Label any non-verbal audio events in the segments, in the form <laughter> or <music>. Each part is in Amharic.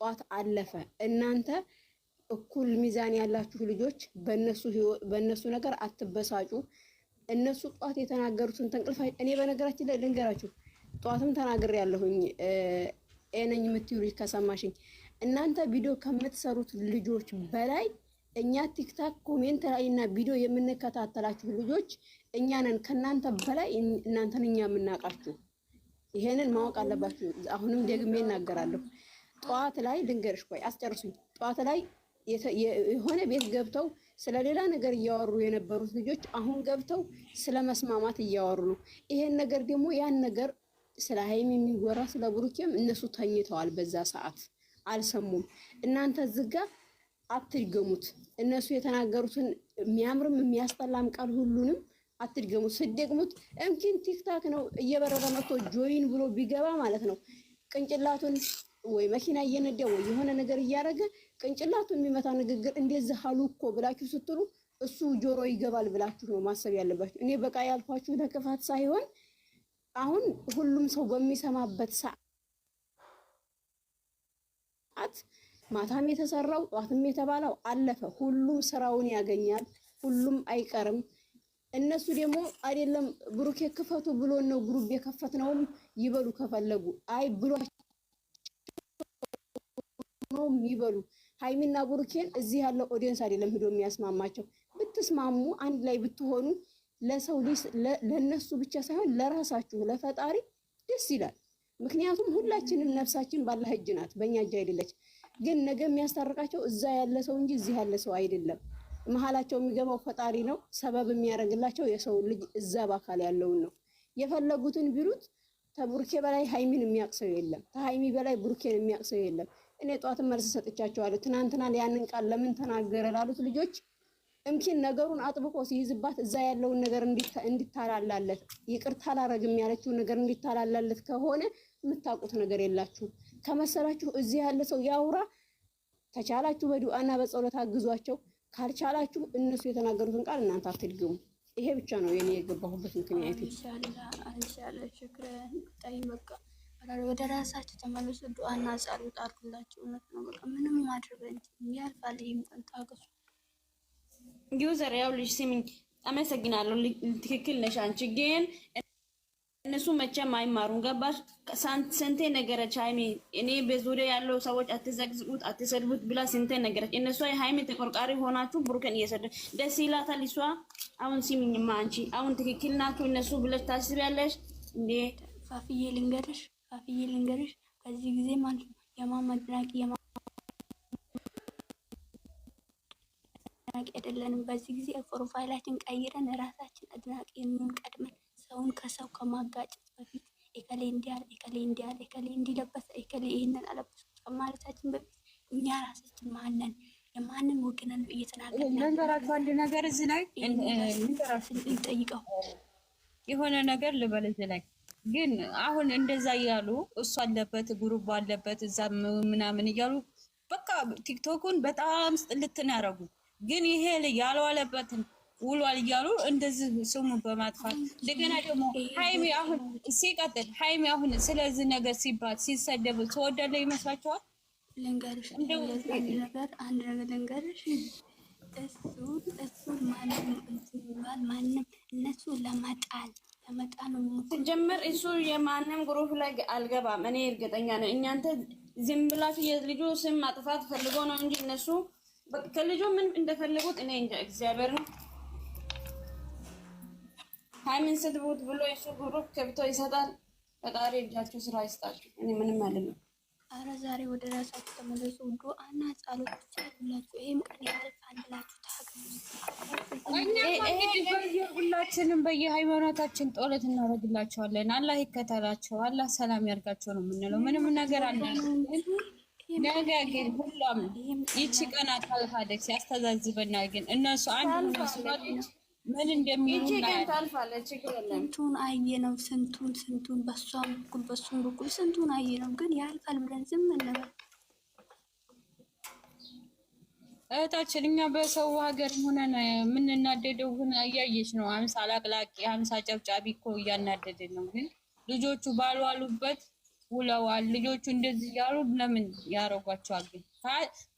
ጠዋት አለፈ። እናንተ እኩል ሚዛን ያላችሁ ልጆች በእነሱ ነገር አትበሳጩ። እነሱ ጠዋት የተናገሩትን ተንቅልፋ እኔ በነገራችን ላይ ልንገራችሁ፣ ጠዋትም ተናግሬ ያለሁኝ ኤነኝ የምትዩ ልጅ ከሰማሽኝ፣ እናንተ ቪዲዮ ከምትሰሩት ልጆች በላይ እኛ ቲክታክ ኮሜንት ላይ እና ቪዲዮ የምንከታተላችሁ ልጆች እኛ ነን። ከእናንተ በላይ እናንተን እኛ የምናውቃችሁ፣ ይሄንን ማወቅ አለባችሁ። አሁንም ደግሜ እናገራለሁ። ጠዋት ላይ ልንገርሽ፣ ቆይ አስጨርሱኝ። ጠዋት ላይ የሆነ ቤት ገብተው ስለ ሌላ ነገር እያወሩ የነበሩት ልጆች አሁን ገብተው ስለ መስማማት እያወሩ ነው። ይሄን ነገር ደግሞ ያን ነገር ስለ ሀይም የሚወራ ስለ ብሩኬም እነሱ ተኝተዋል። በዛ ሰዓት አልሰሙም። እናንተ ዝጋ አትድገሙት። እነሱ የተናገሩትን የሚያምርም የሚያስጠላም ቃል ሁሉንም አትድገሙት። ስደግሙት እምኪን ቲክታክ ነው እየበረረ መጥቶ ጆይን ብሎ ቢገባ ማለት ነው ቅንጭላቱን ወይ መኪና እየነዳ ወይ የሆነ ነገር እያደረገ ቅንጭላቱ የሚመታ ንግግር እንደዚህ አሉ እኮ ብላችሁ ስትሉ እሱ ጆሮ ይገባል ብላችሁ ነው ማሰብ ያለባችሁ። እኔ በቃ ያልኳችሁ ለክፋት ሳይሆን አሁን ሁሉም ሰው በሚሰማበት ሰዓት ማታም የተሰራው ጧትም የተባለው አለፈ። ሁሉም ስራውን ያገኛል። ሁሉም አይቀርም። እነሱ ደግሞ አይደለም ብሩኬ ክፈቱ ብሎ ነው ግሩፕ የከፈትነውም ይበሉ ከፈለጉ አይ ብሏቸው ነው የሚበሉ ሀይሚና ብሩኬን እዚህ ያለው ኦዲየንስ አይደለም ሂዶ የሚያስማማቸው። ብትስማሙ አንድ ላይ ብትሆኑ ለሰው ልጅ ለነሱ ብቻ ሳይሆን ለራሳችሁ ለፈጣሪ ደስ ይላል። ምክንያቱም ሁላችንም ነፍሳችን ባለ እጅ ናት፣ በእኛ እጅ አይደለች። ግን ነገ የሚያስታርቃቸው እዛ ያለ ሰው እንጂ እዚህ ያለ ሰው አይደለም። መሀላቸው የሚገባው ፈጣሪ ነው። ሰበብ የሚያደርግላቸው የሰው ልጅ እዛ በአካል ያለውን ነው። የፈለጉትን ቢሉት ከብሩኬ በላይ ሀይሚን የሚያቅሰው የለም። ከሀይሚ በላይ ቡርኬን የሚያቅሰው የለም። እኔ ጠዋትን መልስ ሰጥቻቸዋለሁ። ትናንትና ያንን ቃል ለምን ተናገረ ላሉት ልጆች እምኪን ነገሩን አጥብቆ ሲይዝባት እዛ ያለውን ነገር እንዲታላላለት ይቅርታ አላረግም ያለችው ነገር እንዲታላላለት ከሆነ የምታውቁት ነገር የላችሁ ከመሰላችሁ እዚህ ያለ ሰው ያውራ። ከቻላችሁ በዱዓና በጸሎት አግዟቸው፣ ካልቻላችሁ እነሱ የተናገሩትን ቃል እናንተ አትድግሙ። ይሄ ብቻ ነው የኔ የገባሁበት ምክንያት። ይባላል። ወደ ራሳቸው ተመለሱ። ዱአና ጸሎት አድርጉላቸው። እውነት ነው። በቃ ምንም ማድረግ ያልፋል። ይህም ቀን ታገሱ። ዩዘር ያው ልጅ ስሚኝ፣ አመሰግናለሁ። ትክክል ነሽ አንቺ ግን እነሱ መቼም አይማሩም። ገባሽ? ስንቴ ነገረች ሃይሚ እኔ በዙሪያ ያለው ሰዎች አትዘግዝቁት፣ አትሰድቡት ብላ ስንቴ ነገረች። እነሱ ሃይሚ ተቆርቋሪ ሆናችሁ ብሩክን እየሰደ ደስ ይላታል። እሷ አሁን ሲሚኝማ አንቺ አሁን ትክክል ናችሁ እነሱ ብለሽ ታስቢያለሽ እንዴ? ፋፍዬ ልንገርሽ ጻፍዬ ልንገርሽ ከዚህ ጊዜ ማን የማን መድናቂ የማን አድናቂ አይደለንም። በዚህ ጊዜ ፕሮፋይላችን ቀይረን ራሳችን አድናቂ የሚሆን ሰውን ከሰው ከማጋጨት በፊት ኤከሌ እንዲያል ኤከሌ እንዲያል ኤከሌ እንዲለበሰ ኤከሌ ይህንን አለበሰ ከማለታችን በፊት እኛ ራሳችን ማነን የማንም ወግነን እየተናገርን ልንገራችሁ አንድ ነገር እዚህ ላይ ልንጠይቀው የሆነ ነገር ልበል እዚህ ላይ ግን አሁን እንደዛ እያሉ እሱ አለበት ጉሩብ አለበት እዛ ምናምን እያሉ በቃ ቲክቶኩን በጣም ስጥልትን ያደረጉ ግን ይሄ ያልዋለበትን ውሏል እያሉ እንደዚህ ስሙ በማጥፋት እንደገና ደግሞ ሀይሚ አሁን ሲቀጥል ሀይሚ አሁን ስለዚህ ነገር ሲባል ሲሰደብ ተወዳለ ይመስላችኋል? ልንገርሽ ነገር አንድ ነገር ልንገርሽ እሱን እሱን ማንም ማንም እነሱ ለመጣል ተመጣኑ ጀምር እሱ የማንም ግሩፕ ላይ አልገባም። እኔ እርግጠኛ ነኝ። እኛንተ ዝም ብላችሁ የልጁ ስም ማጥፋት ፈልጎ ነው እንጂ እነሱ ከልጁ ምን እንደፈለጉት እኔ እንጃ። እግዚአብሔር ነው ሃይሚን ስድቡት ብሎ የሱ ግሩፕ ከብቶ ይሰጣል። ፈጣሪ እጃቸው ስራ ይስጣቸው። እኔ ምንም አልልም። አረ ዛሬ ወደ ራሳችሁ ተመለሱ። ዱዓና ጸሎት ብቻ ያሉላችሁ። ይሄም ቀን ያልፋል ብላችሁ ታገኙ። ሁላችንም በየሃይማኖታችን ጦለት እናደርግላቸዋለን። አላህ ይከተላቸው፣ አላህ ሰላም ያርጋቸው ነው የምንለው። ምንም ነገር አለ ነገ ግን ሁሉም ይቺ ቀን አታልፋለች፣ ያስተዛዝበናል። ግን እነሱ አንድ ምን እንደሚሆንስንቱን አየ ነው። ስንቱን ስንቱን በሷም በኩል በሱም በኩል ስንቱን አየ ነው። ግን ያልፋል ብለን ዝም እንበል እህታችን። እኛ በሰው ሀገር ሆነን የምንናደደው ግን እያየች ነው። ሀምሳ አላቅላቂ አምሳ ጨብጫቢ እኮ እያናደደ ነው። ግን ልጆቹ ባልዋሉበት ውለዋል። ልጆቹ እንደዚህ እያሉ ለምን ያደርጓቸዋል? ግን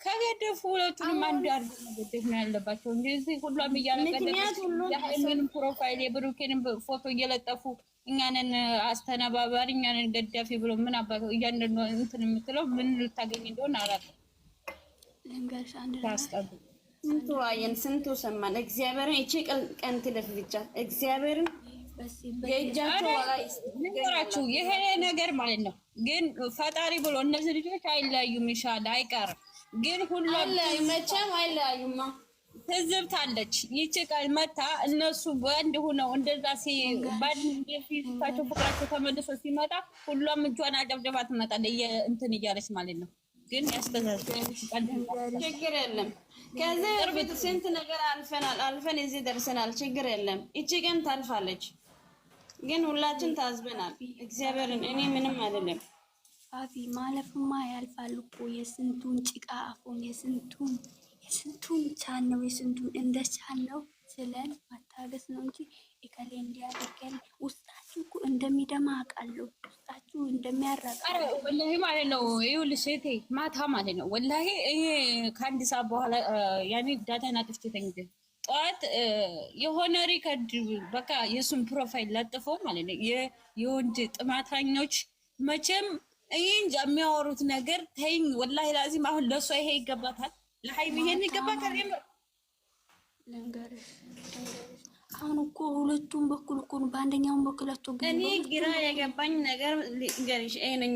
ከገደፉ ሁለቱንም አንድ አድርገው መገደፍ ነው ያለባቸው። እንደዚህ ሁሏም እያለቀደምን ፕሮፋይል የብሩኬንም ፎቶ እየለጠፉ እኛንን አስተነባባሪ እኛንን ገዳፊ ብሎ ምን አባ እያንዳንዱ እንትን የምትለው ምን ልታገኝ እንደሆን አራት ታስጠብ ስንቱ አየን፣ ስንቱ ሰማን። እግዚአብሔርን እቺ ቀን ትለፍ ብቻ እግዚአብሔርን ይሄ ነገር ማለት ነው። ግን ፈጣሪ ብሎ እነዚህ ልጆች አይለያዩም፣ ይሻል አይቀርም። ግን ሁሉም መቼም አይለያዩማ። ትዝብት አለች። ይቺ ቃል መታ እነሱ በአንድ ሁነው እንደዛ ሲባቸው ፍቅራቸው ተመልሶ ሲመጣ ሁሏም እጇን አደብደባ ትመጣለች እንትን እያለች ማለት ነው። ግን ያስተዛዝጋል። ችግር የለም። ከዚህ በፊት ስንት ነገር አልፈናል፣ አልፈን እዚህ ደርሰናል። ችግር የለም። እቺ ቀን ታልፋለች። ግን ሁላችን ታዝበናል። እግዚአብሔርን እኔ ምንም አይደለም። አቢ ማለፍማ ያልፋል እኮ የስንቱን ጭቃ አፎን የስንቱን የስንቱን ቻን ነው የስንቱን እንደ ቻን ነው ስለን ማታገስ ነው እንጂ እከሌ እንዲያደርገል ውስጣችሁ እኮ እንደሚደማ አውቃለሁ። ውስጣችሁ እንደሚያራቅ ወላሂ ማለት ነው። ይኸውልሽ እህቴ ማታ ማለት ነው ወላሂ ይሄ ከአንድ ሰዓት በኋላ ያኔ ዳታና ጥፍቴ ተኝተን ጠዋት የሆነ ሪከርድ በቃ የእሱን ፕሮፋይል ለጥፎ ማለት ነው። የወንድ ጥማታኞች መቼም እይን የሚያወሩት ነገር ተይኝ። ወላሂ ላዚም አሁን ለእሷ ይሄ ይገባታል፣ ለሀይም ይሄን ይገባታል። አሁን እኮ ሁለቱም በኩል እኮ በአንደኛውም በኩል እኔ ግራ የገባኝ ነገር ልንገርሽ ይሄ ነኝ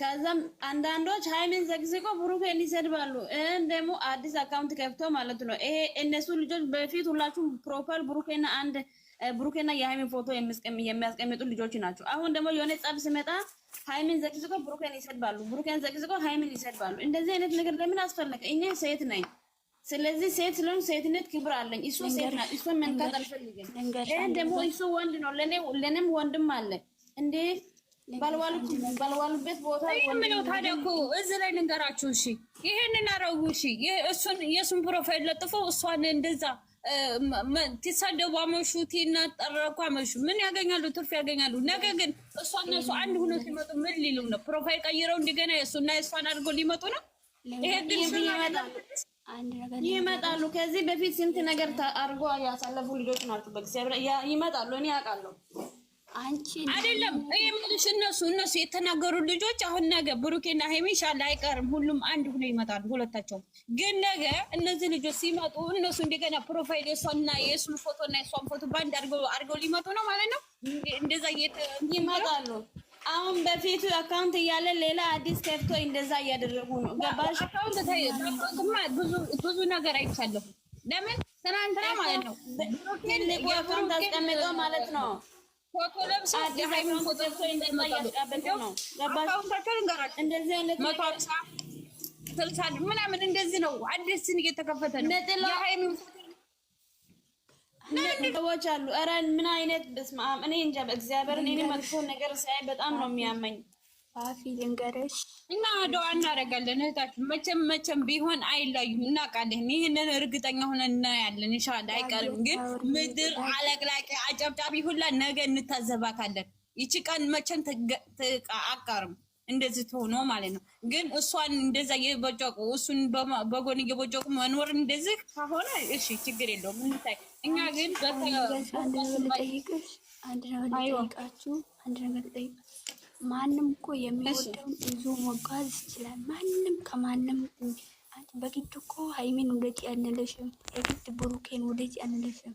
ከዛም አንዳንዶች ሀይሜን ዘግዝቆ ብሩኬን ይሰድባሉ። ደግሞ አዲስ አካውንት ከፍቶ ማለት ነው። ይሄ እነሱ ልጆች በፊት ሁላችሁም ፕሮፋይል ብሩኬና አንድ ብሩኬና የሀይሜን ፎቶ የሚያስቀምጡ ልጆች ናቸው። አሁን ደግሞ የሆነ ጸብ ሲመጣ ሀይሜን ዘግዝቆ ብሩኬን ይሰድባሉ፣ ብሩኬን ዘግዝቆ ሀይሜን ይሰድባሉ። እንደዚህ አይነት ነገር ለምን አስፈለገ? እኛ ሴት ነኝ። ስለዚህ ሴት ስለሆን ሴትነት ክብር አለኝ። እሱ ሴት ናት፣ እሱን መንካት አልፈልግም። ይህን ደግሞ እሱ ወንድ ነው፣ ለእኔም ወንድም አለ እንዴ ባልዋሉበት ቦታ ምለው ታዲያ እኮ እዚህ ላይ ልንገራችሁ። እሺ ይሄንን አረጉ። እሺ እሱን የእሱን ፕሮፋይል ለጥፎ እሷን እንደዛ ትሳደቡ አመሹ፣ ትናጠረኩ አመሹ። ምን ያገኛሉ? ትርፍ ያገኛሉ። ነገ ግን እሷ እነሱ አንድ ሁኖ ሲመጡ ምን ሊሉ ነው? ፕሮፋይል ቀይረው እንደገና የእሱና የእሷን አድርጎ ሊመጡ ነው። ይሄ ግን ይመጣሉ። ከዚህ በፊት ስንት ነገር አድርጎ ያሳለፉ ልጆች ናቸው። በእግዚአብሔር ይመጣሉ። እኔ ያውቃለሁ። አይደለም የምልሽ እነሱ እነሱ የተናገሩ ልጆች አሁን ነገ ብሩኬና ሀይሚ ኢንሻላህ አይቀርም ሁሉም አንድ ሆኖ ይመጣሉ። ሁለታቸውም ግን ነገ እነዚህ ልጆች ሲመጡ እነሱ እንደገና ፕሮፋይል የሷና የእሱን ፎቶ እና የሷን ፎቶ በአንድ አድርገው ሊመጡ ነው ማለት ነው። እንደዛ ይመጣሉ። አሁን በፊቱ አካውንት እያለ ሌላ አዲስ ከፍቶ እንደዛ እያደረጉ ነው። ገባሽ? ብዙ ነገር አይቻለሁ። ለምን ትናንትና ማለት ነው አካውንት አስቀምጠው ማለት ነው ፎቶ ለብሳ የሃይማኖት ፎቶ ምናምን እንደዚህ ነው። አዲስ እየተከፈተ ነው። ሰዎች አሉ። ኧረ ምን አይነት በስመ አብ! እኔ እንጃ። በእግዚአብሔር እኔ መጥፎ ነገር ሳይ በጣም ነው የሚያመኝ። አፊ ልንገረሽ እና ዶዋ እናደርጋለን። እህታችን መቼም መቼም ቢሆን አይላዩም፣ እናውቃለን። ይህንን እርግጠኛ ሆነን እናያለን። ይሻል አይቀርም። ግን ምድር አለቅላቂ አጨብጫቢ ሁላ ነገ እንታዘባካለን። ይቺ ቀን መቼም አቃርም እንደዚህ ትሆኖ ማለት ነው። ግን እሷን እንደዛ እየቦጨቁ እሱን በጎን እየቦጨቁ መኖር እንደዚህ ከሆነ እሺ ችግር የለውም እንታይ እኛ ግን አንድ ነገር ልጠይቃችሁ አንድ ነገር ልጠይቃችሁ ማንም እኮ የሚወደውን ይዞ መጓዝ ይችላል። ማንም ከማንም በግድ እኮ ሀይሜን ውደጂ አንልሽም፣ የግድ ብሩኬን ውደጂ አንልሽም።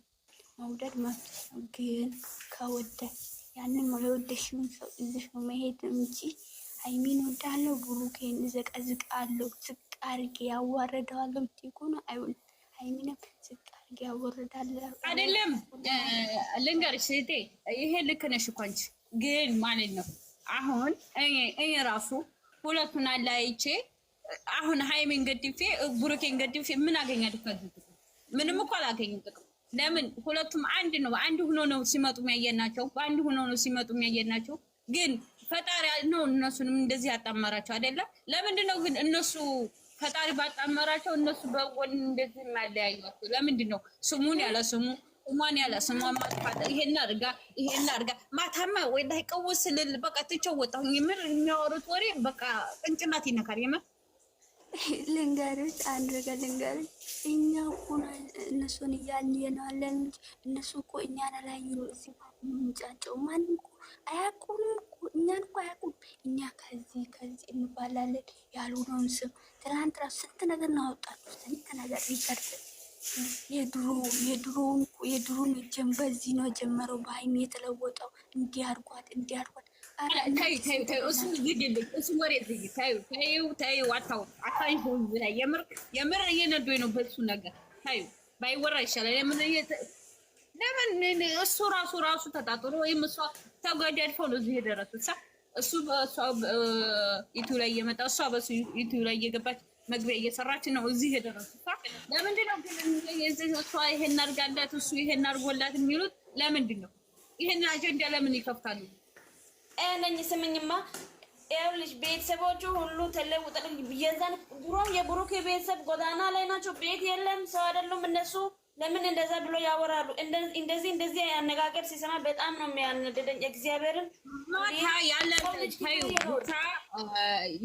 መውደድ መፍትሄ ግን ከወደ ያንን የወደሽውን ሰው እዝሽ መሄድ እንጂ ሀይሜን ወዳለው ብሩኬን ዘቀዝቃለሁ፣ ዝቅ አድርጌ ያዋረደዋለሁ ምትኮነ አይሆን። ሀይሜንም ዝቅ አድርጌ ያዋረዳለሁ አይደለም። ልንገርሽ እህቴ፣ ይሄ ልክ ነሽ እኮ አንቺ ግን ማለት ነው አሁን እኔ ራሱ ሁለቱን አላይቼ አሁን ሃይሜን ገድፌ ቡሩኬን ገድፌ ምን አገኛለሁ? ከዚህ ምንም እኮ አላገኝም ጥቅም። ለምን ሁለቱም አንድ ነው። አንድ ሆኖ ነው ሲመጡ የሚያየናቸው፣ በአንድ ሆኖ ነው ሲመጡ የሚያየናቸው። ግን ፈጣሪ ነው እነሱንም እንደዚህ ያጣመራቸው አይደለም። ለምንድን ነው ግን እነሱ ፈጣሪ ባጣመራቸው እነሱ በጎን እንደዚህ የሚያለያዩቸው ለምንድን ነው? ስሙን ያለ ስሙ ስሟን ያለ ስሟ ማጥፋት ይሄን አድርጋ ይሄን አድርጋ ማታማ ወይ ላይ ቀውስ ስልል በቃ ትቼው ወጣሁ። የምር የሚያወሩት ወሬ በቃ ቅንጭላት ይነካል። የምር ልንገርሽ አንድ ነገር ልንገርሽ፣ እኛ እኮ እነሱን እያልን ያለን እነሱ እኮ እኛን አላዩንም። እዚህ ምንጫቸው ማንም እኮ አያውቁንም እኮ እኛን እኮ አያውቁም። እኛ ከዚህ ከዚህ እንባላለን ያልሆነውን ስም ትናንት ራሱ ስንት ነገር እናወጣለን፣ ስንት ነገር ይቀርብን የድሮውን ጀም በዚህ ነው የጀመረው። በሀይሚ የተለወጠው እንዲህ አድርጓት እንዲህ አድርጓት። እሱ ወሬ የምር ነው በሱ ነገር። ታዩ ባይወራ ይሻላል። ለምን እሱ ራሱ ራሱ ተጣጥሮ ወይም እሷ ተጓዳድፈው ነው እዚህ የደረሱት። እሱ በእሷ ላይ እየመጣ እሷ ላይ እየገባች መግቢያ እየሰራች ነው እዚህ የደረሱት። ለምንድን ነው ግን እሷ ይሄን አድርጋላት እሱ ይሄን አድርጎላት የሚሉት ለምንድን ነው? ይሄን አጀንዳ ለምን ይከፍታሉ? ነኝ ስምኝማ ይኸውልሽ ቤተሰቦቹ ሁሉ ተለውጠል። የዛን ድሮም የብሩክ ቤተሰብ ጎዳና ላይ ናቸው። ቤት የለም፣ ሰው አይደሉም እነሱ። ለምን እንደዛ ብሎ ያወራሉ? እንደዚህ እንደዚህ አነጋገር ሲሰማ በጣም ነው የሚያነደደኝ። እግዚአብሔርን ያለን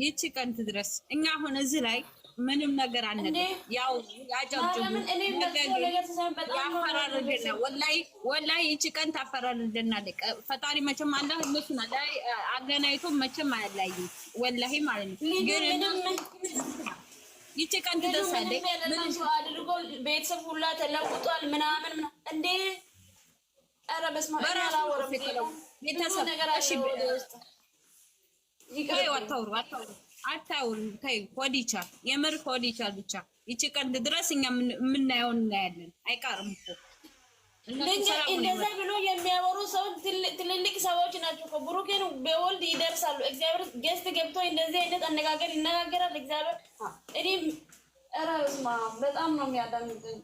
ይቺ ቀን ትድረስ እኛ አሁን እዚህ ላይ ምንም ነገር አነገ ያው ያፈራርልና ወላሂ ይቺ ቀን ታፈራርልና ፈጣሪ መቼም አለ እነሱን አገናኝቶ መቼም አያለያይም። ወላሂ ማለት ነው። ይቺ ቀን ትደርሳለች። አድርጎ ቤተሰብ ሁላ ተለውጧል ምናምን እንዴ! ኧረ በስመ አብ ቤተሰብ ነገር አታውሩ አታውሩ አታውልም ተይ፣ ኮዲቻል የምር ኮዲቻል። ብቻ ይቺ ቀን ድረስ እኛ የምናየውን እናያለን። አይቀርም እኮ እንደዚያ ብሎ የሚያወሩ ሰው ትልልቅ ሰዎች ናቸው። ብሩኬን በወልድ ይደርሳሉ። እግዚአብሔር ጌስት ገብቶ እንደዚህ አይነት አነጋገር ይነጋገራል። እግዚአብሔር እኔ ኧረ በጣም ነው የሚያዳምጥ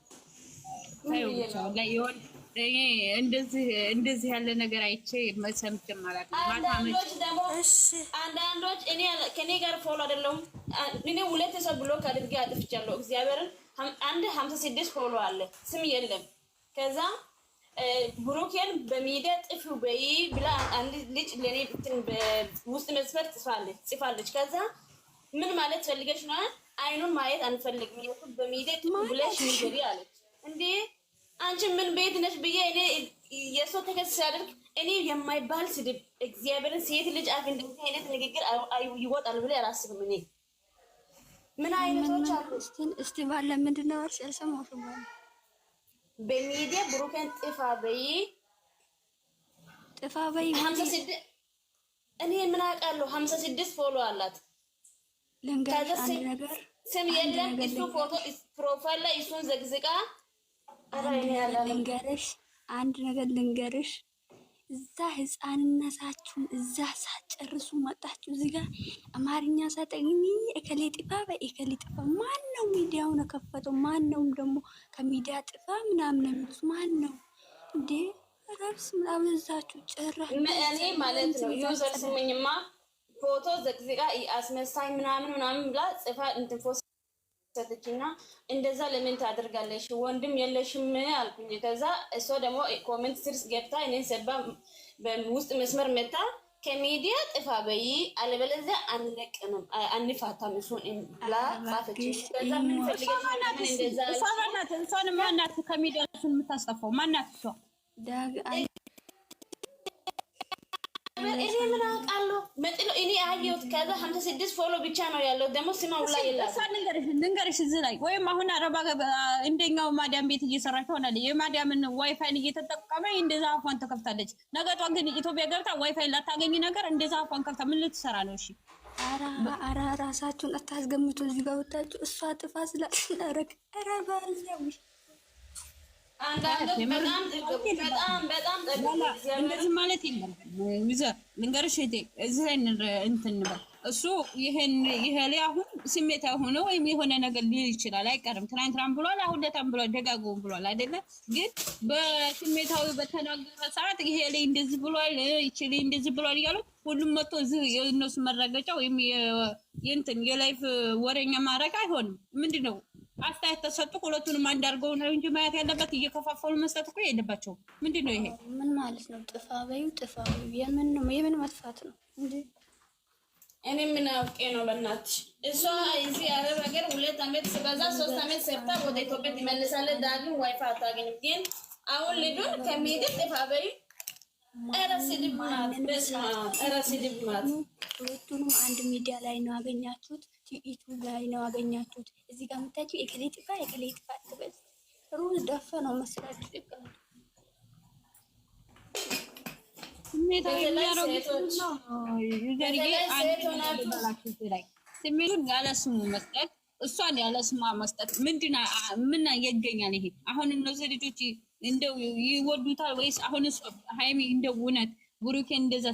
እንደዚህ ያለ ነገር አይቼ መሰምት ማለት ነው። አንዳንዶች ደግሞ አንዳንዶች ከኔ ጋር ፎሎ አይደለሁም። እኔ ሁለት ሰው ብሎክ አድርጌ አጥፍቻለሁ። እግዚአብሔርን አንድ ሀምሳ ስድስት ፎሎ አለ ስም የለም። ከዛ ብሩኬን በሚዲያ ጥፊ በይ ብላ አንድ ልጅ ለእኔ ብትን ውስጥ መስፈር ጽፋለች። ከዛ ምን ማለት ፈልገች ነው? አይኑን ማየት አንፈልግም በሚዲያ ብለሽ ንገሪ አለች እንዴ አንቺ ምን ቤት ነሽ ብዬ እኔ የሰው ተከስ ሲያደርግ እኔ የማይባል ስድብ እግዚአብሔርን ሴት ልጅ አፍ እንደዚህ አይነት ንግግር ይወጣል ብለ አላስብም። እኔ ምን አይነቶች አሉ? እስቲ ባለ ምንድን ነው እርስ ያልሰማሽም በሚዲያ ብሩኬን ጥፋ በይ ጥፋ በይ ሀምሳ ስድስት እኔ ምን አውቃለሁ። ሀምሳ ስድስት ፎሎ አላት። ልንገርሽ አንድ ነገር ስም የለም እሱ ፎቶ ፕሮፋይል ላይ እሱን ዘግዝቃ ልንገርሽ አንድ ነገር ልንገርሽ፣ እዛ ህፃንነታችሁን እዛ ሳትጨርሱ መጣችሁ እዚህ ጋር አማርኛ ሳጠኝ እከሌ ጥፋ በይ እከሌ ጥፋ። ማን ነው ሚዲያውን የከፈተው? ማን ነውም ደግሞ ከሚዲያ ጥፋ ምናምን የሚሉት ማን ነው እንዴ? ረብስ አበዛችሁ ጭራ እኔ ማለት ነው ዩዘር ስምኝማ ፎቶ ዘቅዝቃ አስመሳይ ምናምን ምናምን ብላ ጽፋ እንትንፎስ ሰጥች እና እንደዛ ለምን ታደርጋለሽ? ወንድም የለሽም አልኩኝ። ከዛ እሷ ደግሞ ኮመንት ስርስ ገብታ እኔን ሰባ ውስጥ መስመር መታ ከሚዲያ ጥፋ በይ፣ አለበለዚያ አንለቅንም፣ አንፋታም እሱን ብላ ጻፈች። ማናት? እሷን ማናት? ከሚዲያ እሱን የምታስጠፋው ማናት? እሷ እኔ ምን አውቃለሁ? መጥሎ እኔ አየሁት። ከዛ ሀምሳ ስድስት ፎሎ ብቻ ነው ያለው። ደግሞ ስማው ላይ ልንገርሽ፣ እዚህ ላይ ወይም አሁን አረባ እንደኛው ማዳም ቤት እየሰራች ሆናል። የማዳምን ዋይፋይን እየተጠቀመ እንደዛ አፏን ተከፍታለች። ነገ ግን ኢትዮጵያ ገብታ ዋይፋይ ላታገኝ ነገር እንደዛ አፏን ከፍታ ምን ልትሰራ ነው? እሺ አራ ራሳችሁን አታስገምቱ። እዚህ ጋር ወጣችሁ እሷ ጥፋ ስላረግ ረባ እንደዚህ ማለት የለም። ዊዘ ልንገርሽ እህቴ እዚህ ላይ እንትን እሱ ይሄን ይሄ ላይ አሁን ስሜታዊ ሆኖ ወይም የሆነ ነገር ሊል ይችላል፣ አይቀርም። ትናንትናም ብሏል፣ አሁን ለታም ብሏል፣ ደጋግሞ ብሏል አይደለ? ግን በስሜታዊ በተናገረ ሰዓት ይሄ ላይ እንደዚህ ብሏል፣ ይቺ ላይ እንደዚህ ብሏል እያሉ ሁሉም መጥቶ እዚህ የእነሱ መረገጫ ወይም የእንትን የላይፍ ወሬኛ ማድረግ አይሆንም። ምንድን ነው አስተያየት ተሰጡ። ሁለቱንም አንድ አድርገው ነው እንጂ ማየት ያለበት እየከፋፈሉ መስጠት እኮ የለባቸውም። ምንድን ነው ይሄ? ምን ማለት ነው? ጥፋ በዩ ጥፋ በዩ የምን የምን መጥፋት ነው እንዴ? እኔ ምን አውቄ ነው? በእናትሽ እሷ እዚህ አረብ ሀገር ሁለት አመት በዛ ሶስት አመት ሰርታ ወደ ኢትዮጵያ ትመልሳለች። ዳግም ዋይፋ አታገኝም። ግን አሁን ልጁን ከሚሄድ ጥፋ በዩ ኧረ ስድብ ሁለቱንም አንድ ሚዲያ ላይ ነው አገኛችሁት። ዩቱብ ላይ ነው አገኛችሁት እዚህ ጋር የምታችሁ የከሌ ጥፋ የከሌ ጥፋ ትበል ሩዝ ደፈ ነው መስላችሁ ስሜቱን ያለ ስሙ መስጠት እሷን ያለ ስሟ መስጠት ምንድን ምን ይገኛል? ይሄ አሁን እነዚህ ልጆች እንደው ይወዱታል ወይስ አሁን ሀይሚ እንደው እውነት ብሩኬ እንደዛ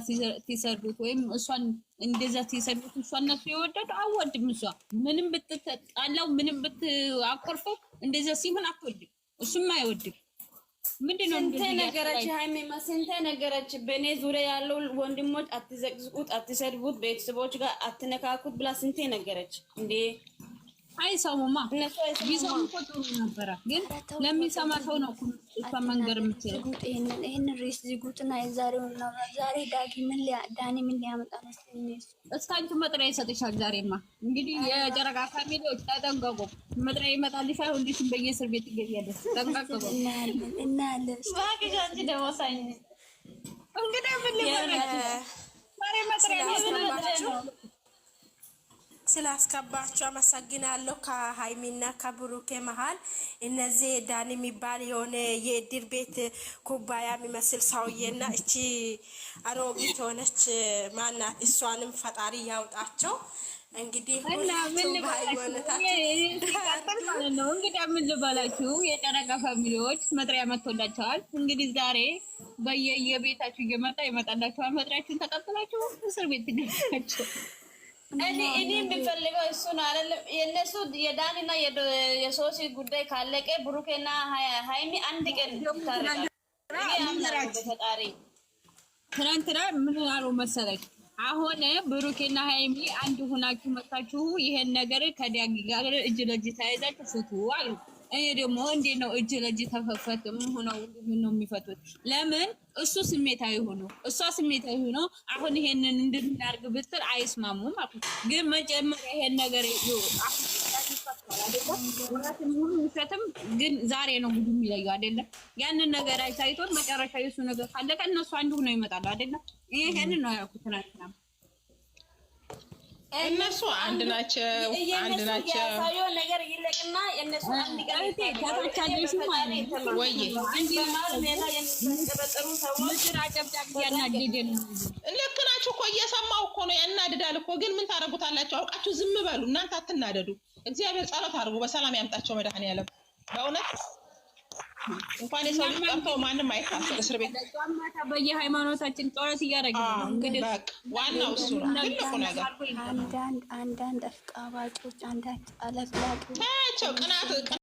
ሲሰዱት ወይም እሷን እንደዛ ሲሰዱት እሷን ነሱ የወደዱ አወድም። እሷ ምንም ብትጣላው ምንም ብትአኮርፈው እንደዛ ሲሆን አትወድም፣ እሱም አይወድም። ምንድነው ስንቴ ነገረች ሀይሜ ስንቴ ነገረች። በእኔ ዙሪያ ያለው ወንድሞች አትዘቅዝቁት፣ አትሰድቡት፣ ቤተሰቦች ጋር አትነካኩት ብላ ስንቴ ነገረች እንዴ አይሰሙማ። ቢሰሙ እኮ ጥሩ ነበረ፣ ግን ለሚሰማ ሰው ነው መንገድ ዝጉጥ ይህንን ሬስ ዝጉጥና የዛሬው ዛሬ ዳጊ ምን ዳኒ ምን ሊያመጣ ነው? እስካንቹ መጥሪያ ይሰጥሻል። ዛሬማ እንግዲህ የጨረቃ ፋሚሊዎች ተጠንቀቁ። መጥሪያ ይመጣልሻል። ሁልሽም በየእስር ቤት ትገቢያለሽ። ተጠንቀቁ። <laughs> እናያለን። እባክሽ እንግዲህ ምን ሊሆነ ዛሬ መጥሪያ ነው ስላስከባቸው አመሰግናለሁ። ከሀይሚና ከብሩኬ መሀል እነዚህ ዳን የሚባል የሆነ የእድር ቤት ኩባያ የሚመስል ሰውዬና እቺ አሮጊት የሆነች ማናት? እሷንም ፈጣሪ ያውጣቸው። እንግዲህ እንግዲህ ምን ልበላችሁ የጨረቃ ፋሚሊዎች መጥሪያ መጥቶላቸዋል። እንግዲህ ዛሬ በየየቤታችሁ እየመጣ ይመጣላቸዋል። መጥሪያችሁን ተቀብላችሁ እስር ቤት ትገኛችሁ። እኔ የምፈልገው እሱን አይደለም። የእነሱ የዳኒና የሶሲ ጉዳይ ካለቀ ብሩኬና ሀይሚ አንድ ቀን ታረጋፈጣሪ ትናንትና ምን አሉ መሰለች? አሁን ብሩኬና ሀይሚ አንድ ሆናችሁ መጣችሁ ይሄን ነገር ከዲያጊ ጋር እጅ ለእጅ ተያይዛችሁ ፍቱ አሉ። እኔ ደግሞ እንዴ ነው? እጅ ለእጅ ተፈፈት ሆነው ምን ነው የሚፈቱት? ለምን እሱ ስሜታዊ ሆኖ እሷ ስሜታዊ ሆኖ አሁን ይሄንን እንድናርግ ብትል አይስማሙም። አሁን ግን መጀመሪያ ይሄን ነገር ውሸትም ግን ዛሬ ነው ጉዱ የሚለየው አይደለም። ያንን ነገር አይታይቶት መጨረሻ የሱ ነገር ካለቀ እነሱ አንድ ሆነው ይመጣሉ አይደለም። ይሄንን ነው ያልኩት ትናንትና እነሱ አንድ ናቸው። አንድ ናቸው። ልክ ናችሁ እኮ እየሰማሁ እኮ ነው። ያናድዳል እኮ ግን ምን ታረጉታላችሁ? አውቃችሁ ዝም በሉ እናንተ አትናደዱ። እግዚአብሔር ጸሎት አድርጉ፣ በሰላም ያምጣቸው መድኃኔዓለም በእውነት እንኳን የሰው ልጅ ቀርቶ ማንም አይካፈል እስር ቤት ማታ በየሃይማኖታችን ጦረት እያደረግን ዋናው እሱ ነው። ትልቁ ነገር አንዳንድ አፍቃባጮች፣ አንዳንድ አለቅላቂ ናቸው ቅናት